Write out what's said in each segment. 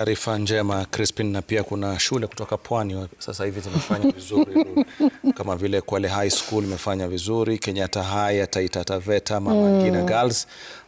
Taarifa njema Crispin, na pia kuna shule kutoka pwani sasa hivi zimefanya vizuri kama vile Kwale High School imefanya vizuri, Kenyatta High, Taita Taveta, Mama Ngina mm. Girls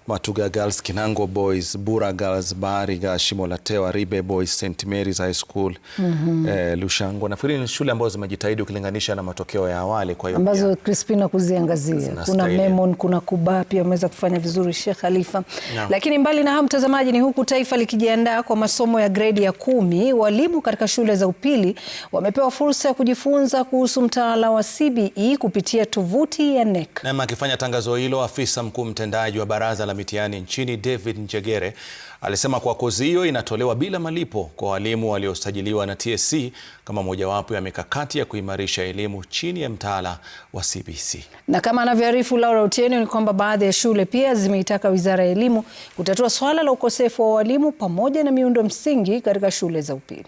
Matuga Girls, Kinango Boys, Bura Girls, Bahariga, Shimo la Tewa, Ribe Boys, St Mary's High School mm -hmm. Eh, Lushango nafikiri ni shule ambazo zimejitahidi ukilinganisha na matokeo ya awali, kwa hiyo ambazo Crispina kuziangazia, kuna Memon, kuna Kuba pia ameweza kufanya vizuri, Sheikh Khalifa no. Lakini mbali na hapo, mtazamaji, ni huku taifa likijiandaa kwa masomo ya grade ya kumi, walimu katika shule za upili wamepewa fursa ya kujifunza kuhusu mtaala wa CBE kupitia tovuti ya NEC. Na akifanya tangazo hilo, afisa mkuu mtendaji wa baraza la la mitihani nchini David Njegere alisema kuwa kozi hiyo inatolewa bila malipo kwa walimu waliosajiliwa na TSC kama mojawapo ya mikakati ya kuimarisha elimu chini ya mtaala wa CBC. Na kama anavyoarifu Laura Otieno ni kwamba baadhi ya shule pia zimeitaka Wizara ya Elimu kutatua swala la ukosefu wa walimu pamoja na miundo msingi katika shule za upili.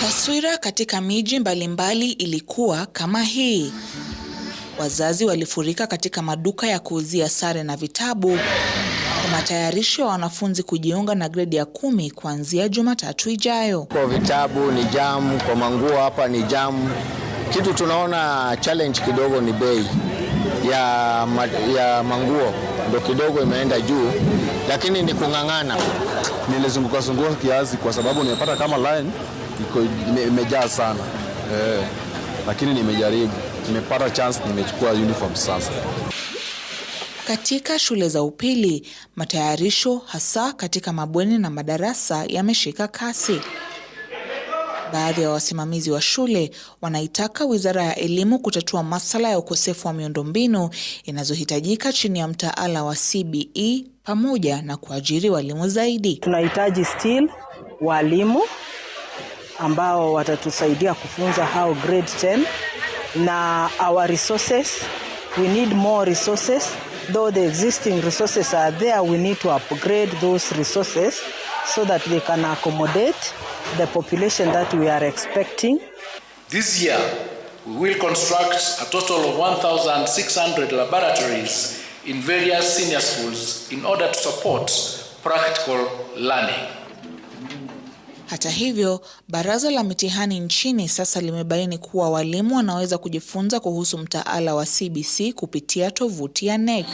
Taswira katika miji mbalimbali mbali ilikuwa kama hii. Wazazi walifurika katika maduka ya kuuzia sare na vitabu kwa matayarisho ya wanafunzi kujiunga na gredi ya kumi kuanzia Jumatatu ijayo. Kwa vitabu ni jamu, kwa manguo hapa ni jamu. Kitu tunaona challenge kidogo ni bei ya, ya manguo ndo kidogo imeenda juu, lakini ni kung'ang'ana. Nilizunguka zunguka kiasi kwa sababu nimepata kama line imejaa sana eh, lakini nimejaribu nimepata chance, nimechukua uniform sasa. Katika shule za upili, matayarisho hasa katika mabweni na madarasa yameshika kasi. Baadhi ya wasimamizi wa shule wanaitaka Wizara ya Elimu kutatua masala ya ukosefu wa miundombinu inazohitajika chini ya mtaala wa CBE pamoja na kuajiri walimu zaidi. Tunahitaji still walimu ambao watatusaidia kufunza hao grade 10 na our resources. We need more resources. Though the existing resources are there, we need to upgrade those resources so that they can accommodate the population that we are expecting. This year, we will construct a total of 1,600 laboratories in various senior schools in order to support practical learning. Hata hivyo, baraza la mitihani nchini sasa limebaini kuwa walimu wanaweza kujifunza kuhusu mtaala wa CBC kupitia tovuti ya NEC.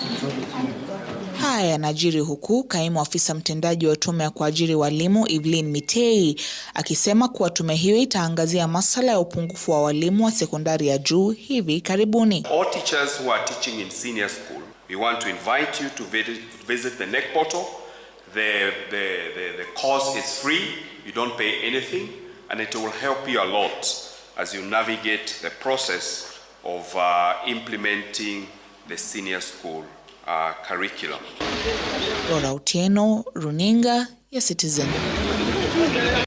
Haya yanajiri huku kaimu afisa mtendaji wa tume ya kuajiri walimu Evelyn Mitei akisema kuwa tume hiyo itaangazia masuala ya upungufu wa walimu wa sekondari ya juu hivi karibuni. All teachers who are teaching in senior school, we want to invite you to visit the NEC portal, the, the, the, course is free, you don't pay anything, and it will help you a lot as you navigate the process of uh, implementing the senior school uh, curriculum. Laura Otieno, Runinga ya Citizen.